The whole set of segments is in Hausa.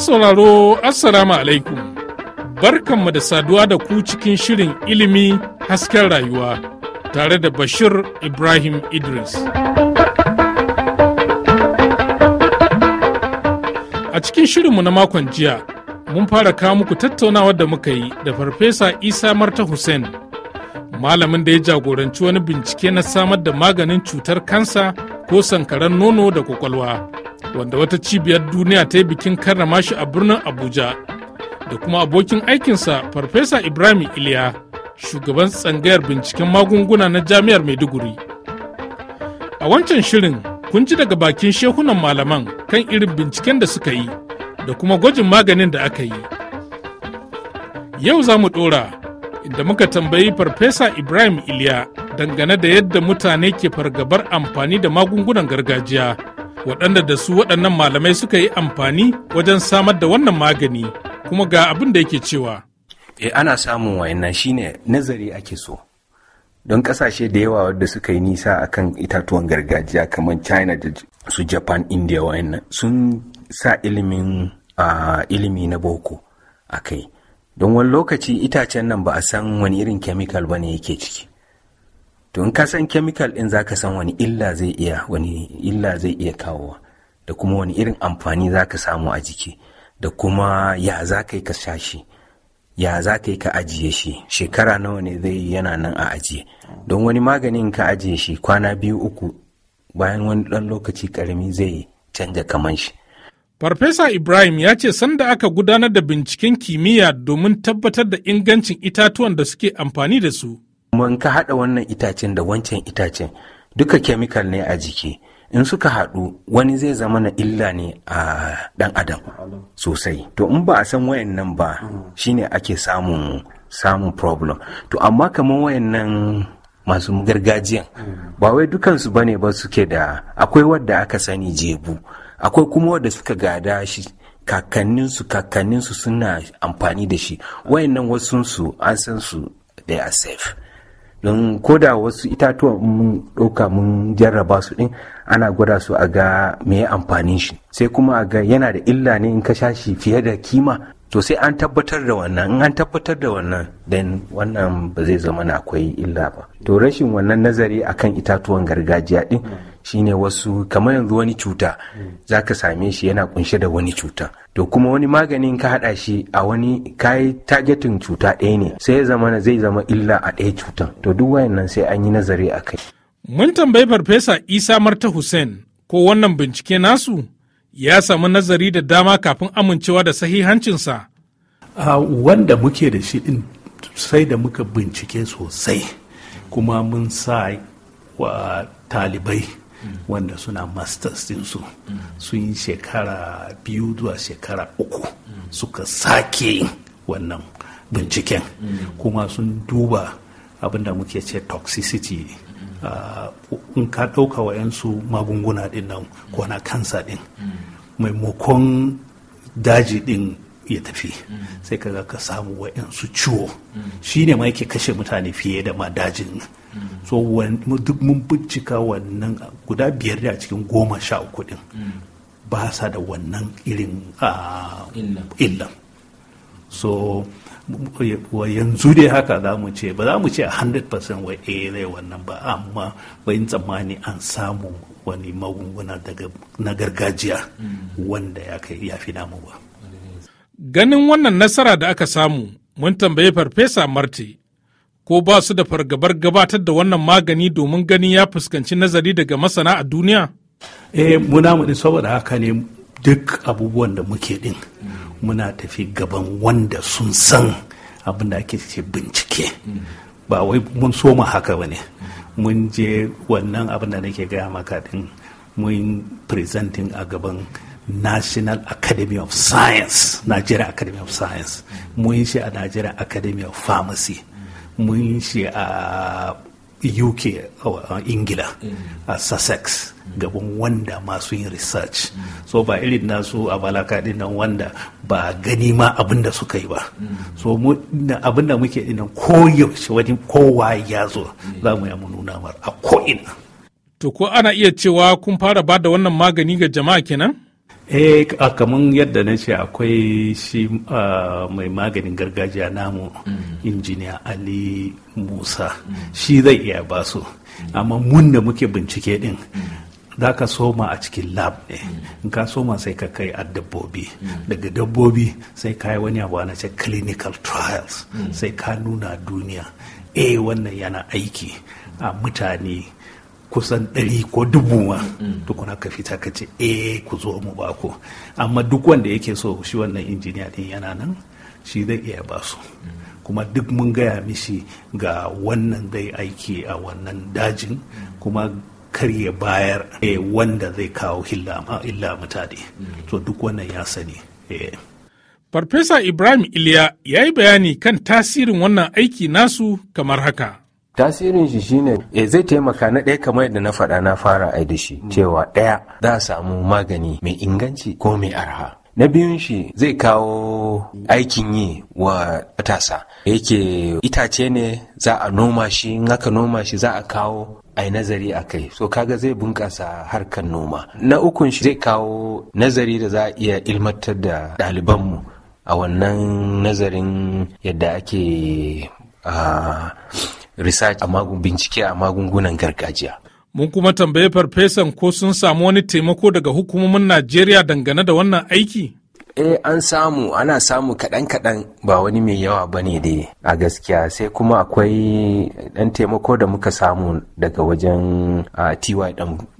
sauraro Assalamu alaikum. Barkanmu da saduwa da ku cikin shirin ilimi hasken rayuwa tare da Bashir Ibrahim Idris. A cikin shirinmu na makon jiya, mun fara kawo muku tattaunawar da muka yi da Farfesa Isa Marta Hussein, malamin da ya jagoranci wani bincike na samar da maganin cutar kansa ko sankaran nono da kwakwalwa. wanda wata cibiyar duniya ta yi bikin karrama shi a birnin abuja da kuma abokin aikinsa farfesa ibrahim iliya shugaban tsangayar binciken magunguna na jami'ar maiduguri a wancan shirin kun ji daga bakin shehunan malaman kan irin binciken da suka yi da kuma gwajin maganin da aka yi yau za mu ɗora inda muka tambayi farfesa ibrahim iliya dangane da yadda mutane ke fargabar amfani da magungunan gargajiya waɗanda da su waɗannan malamai suka yi amfani wajen samar da wannan magani kuma ga abin da yake cewa. E, ana samun wayannan shine nazari ake so. Don ƙasashe da yawa wadda suka yi nisa akan itatuwan gargajiya kamar China da su Japan, India wayannan sun sa ilimin ilimi na boko a kai. Don wani lokaci itacen nan ba a san wani irin kemikal ba ne yake ciki. to in ka san chemical din zaka san wani illa zai iya wani illa zai iya kawowa da kuma wani irin amfani zaka samu a jiki da kuma ya za yi ka sha shi ya za ka yi ka ajiye shi shekara nawa ne zai yana nan a ajiye don wani maganin ka ajiye shi kwana biyu uku bayan wani ɗan lokaci karami zai canja kaman shi Farfesa Ibrahim ya ce sanda aka gudanar da binciken kimiyya domin tabbatar da ingancin itatuwan da suke amfani da su, kuma in ka haɗa wannan itacen da wancan itacen duka kemikal ne a jiki in suka haɗu wani zai zama na illa ne a ɗan adam sosai to in ba a san wayannan ba shine ake samun samun problem to amma kamar wayannan masu gargajiyan ba wai dukansu ba ne ba suke da akwai wadda aka sani jebu akwai kuma wadda suka gada shi kakanninsu kakanninsu suna amfani da shi wayannan wasunsu an san su they are safe don da wasu itatuwa mun ɗauka mun jarraba su ɗin ana gwada su a ga me amfanin shi sai kuma a ga yana da illa ne in ka sha shi fiye da kima to sai an tabbatar da wannan in an tabbatar da wannan then wannan ba zai zama na akwai illa ba to rashin wannan nazari akan itatuwan gargajiya din shine wasu kamar yanzu wani cuta za ka same shi yana kunshe da wani cuta to kuma wani maganin ka hada shi a wani kayi targeting cuta ɗaya ne sai ya zama zai zama illa a ɗaya cutan to duk wayannan sai an yi nazari a kai mun tambayi farfesa isa marta hussein ko wannan bincike nasu ya samu nazari da dama kafin amincewa da sahihancinsa. Ah, wanda muke da shi din sai da muka bincike sosai kuma mun sa wa talibai wanda suna masters dinsu su sun yi shekara biyu zuwa shekara uku suka sake wannan binciken kuma sun duba abinda muke ce toxicity in ka ɗauka wa'yansu magunguna ɗin nan ko na kansa ɗin maimakon daji ɗin ya tafi sai ka ga ka samu wa'yansu ciwo shi ne ma yake kashe mutane fiye da ma dajin so duk mun bincika wannan guda biyar a cikin goma sha uku ɗin ba sa da wannan irin ah, illan so wa yanzu dai haka za mu ce ba za mu ce 100% wa ne wannan ba amma bayin tsammani an samu wani magunguna daga na gargajiya wanda ya kai ya fi namu ba ganin wannan nasara da aka samu mun tambaye farfesa marti ko ba su da fargabar gabatar da wannan magani domin gani ya fuskanci nazari daga masana a duniya eh muna mu saboda haka ne duk abubuwan da muke din muna tafi gaban wanda sun san abin da ake ce bincike ba wai mun soma haka ba ne mun je wannan abin da nake gaya maka din mun presenting a gaban national academy of science nigeria academy of science mun shi a nigeria academy of pharmacy mun shi a uk a uh, ingila a uh, sussex gaban wanda masu yin research so ba irin nasu a balaka nan wanda ba gani ma abinda suka yi ba so abinda muke dinnan ko yaushe wani kowa ya zo za mu yamu nuna mar a ko'ina to ko ana iya cewa kun fara ba da wannan magani ga jama'a kenan eh kamar yadda na ce akwai shi mai maganin gargajiya namu mm. injiniya ali musa mm. shi zai iya basu mm. amma mun da muke bincike din za ka soma a cikin lab ne in ka soma sai ka kai a dabbobi daga dabbobi sai ka yi wani abu ana ce clinical trials sai ka nuna duniya eh wannan yana aiki a mutane kusan ɗari ko dubu ma tukuna ka fita ka ce eh ku zo mu ba ku amma duk wanda yake so shi wannan injiniya ɗin yana nan shi zai iya ba su kuma duk mun gaya mishi ga wannan zai aiki a wannan dajin kuma kar ya bayar eh, wanda zai kawo illa mutane to duk wannan ya sani eh. Farfesa Ibrahim Iliya ya yi bayani kan tasirin wannan aiki nasu kamar haka. tasirin shi shine e zai taimaka na ɗaya kamar yadda na faɗa na fara ai da shi cewa ɗaya za a samu magani mai inganci ko mai arha na biyun shi zai kawo aikin yi wa matasa yake itace ne za a noma shi in aka noma shi za a kawo a nazari a kai so kaga zai bunƙasa harkar noma na ukun shi zai kawo nazari da za a iya ilmantar da ɗalibanmu a wannan nazarin yadda ake uh, research a magun bincike a magungunan gargajiya. Mun kuma tambaye farfesan ko sun samu wani taimako daga hukumomin Najeriya dangane da wannan aiki? E, an samu ana samu kaɗan-kaɗan ba wani mai yawa ba ne dai a gaskiya sai kuma akwai ɗan taimako da muka samu daga wajen ah, ty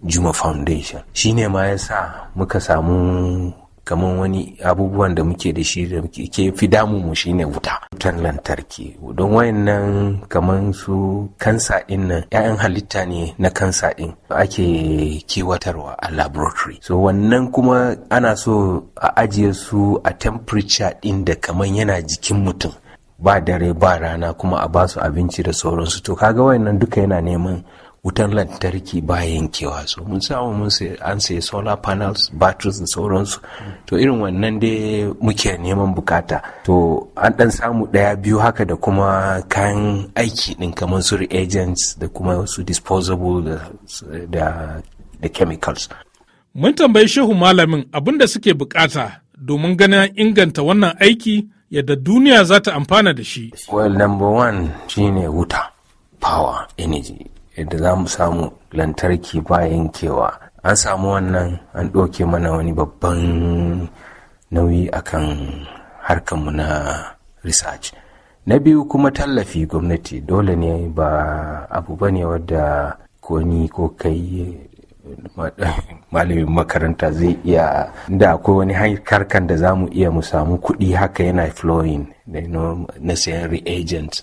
juma foundation shine ma ya sa muka samu kamar wani abubuwan da muke da shi da ke fi damu mu shine wuta wutan lantarki don wayannan kamar su kansa din nan ƴaƴan halitta ne na kansa din ake kewatarwa a laboratory so wannan kuma ana so a ajiye su a temperature ɗin da kamar yana jikin mutum ba dare ba rana kuma a ba su abinci da sauransu to kaga wayannan duka yana neman wutan lantarki bayan yankewa so mun samu mun an sayi solar panels batteries da sauransu to irin wannan dai muke neman bukata to an dan samu daya biyu haka da kuma kayan aiki din kamar su reagents da kuma su disposable da da chemicals mun tambayi shehu malamin abin da suke bukata domin ganin inganta wannan aiki yadda duniya za ta amfana da shi well number one shine wuta power energy yadda za mu samu lantarki ba yankewa an samu wannan an ɗauke mana wani babban nauyi akan harkarmu na research na biyu kuma tallafi gwamnati dole ne ba abu ba ne wadda ko ni ko kai malamin makaranta zai iya da akwai wani harkan da za mu iya mu samu kuɗi haka yana flowing na sayan reagent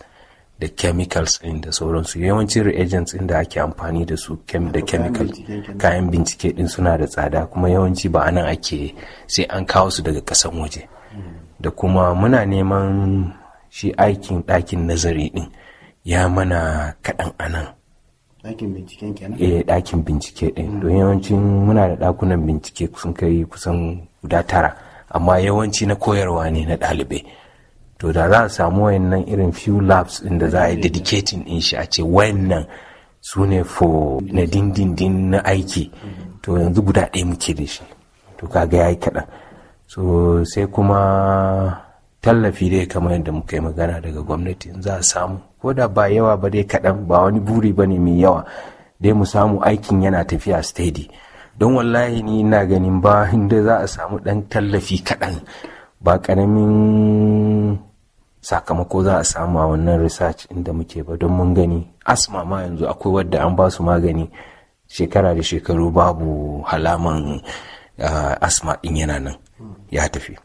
da chemicals ɗin da sauransu yawancin reagents ɗin da ake amfani da su da chemical kayan bincike ɗin suna da tsada kuma yawanci ba anan ake sai an kawo su daga kasan waje hmm. da kuma muna neman shi aikin ɗakin nazari ɗin ya mana kaɗan anan ɗakin eh, ɗakin bincike ɗin hmm. don yawancin muna da ɗakunan bincike sun kai kusan guda tara amma yawanci na koyarwa ne na ɗalibai to da za a samu wayannan irin few labs inda za a yi dedicating din shi a ce wayannan su ne for na dindindin na aiki to yanzu guda ɗaya muke da shi to kaga ya yi kaɗan so sai kuma tallafi dai kamar yadda muka yi magana daga gwamnati za a samu ko da ba yawa ba dai kaɗan ba wani buri ba ne mai yawa dai mu samu aikin yana tafiya steady don wallahi ni na ganin ba inda za a samu ɗan tallafi kaɗan ba ƙaramin sakamako za a samu a wannan research inda muke ba don mun gani asma ma yanzu akwai wadda an ba su magani shekara da shekaru babu halaman ah, asma din yana nan ya tafi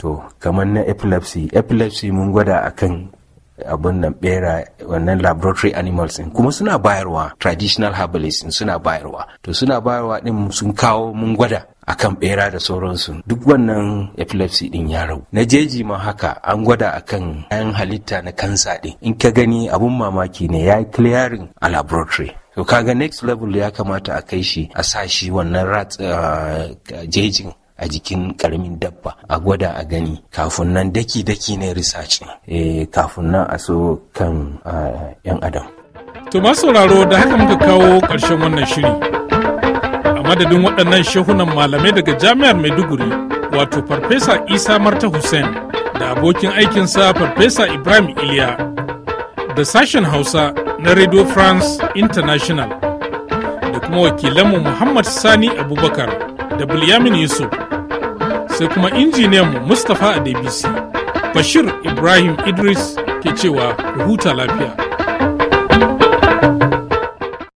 to kamar na epilepsy epilepsy mun gwada akan abin nan bera wannan laboratory animals din kuma suna bayarwa traditional herbalists suna bayarwa to suna bayarwa din sun kawo mun gwada akan bera da sauransu duk wannan epilepsy din ya ragu na jeji ma haka an gwada akan yan halitta na kansa din in ka gani abun mamaki ne ya yi clearing a laboratory to kaga next level ya kamata a kai shi a sa shi wannan rat ah, jejin a jikin karamin dabba a gwada a gani kafin nan daki-daki ne research Eh kafin nan a so kan yan ah, adam to masu sauraro da haka muka kawo ƙarshen wannan shiri madadin waɗannan shehunan malamai daga jami'ar maiduguri wato farfesa isa marta hussein da abokin aikinsa farfesa ibrahim iliya da sashen hausa na radio france international da kuma wakilanmu muhammad sani abubakar da bilyamin yusuf sai kuma injiniyanmu mustapha adebisi bashir ibrahim idris ke cewa huta lafiya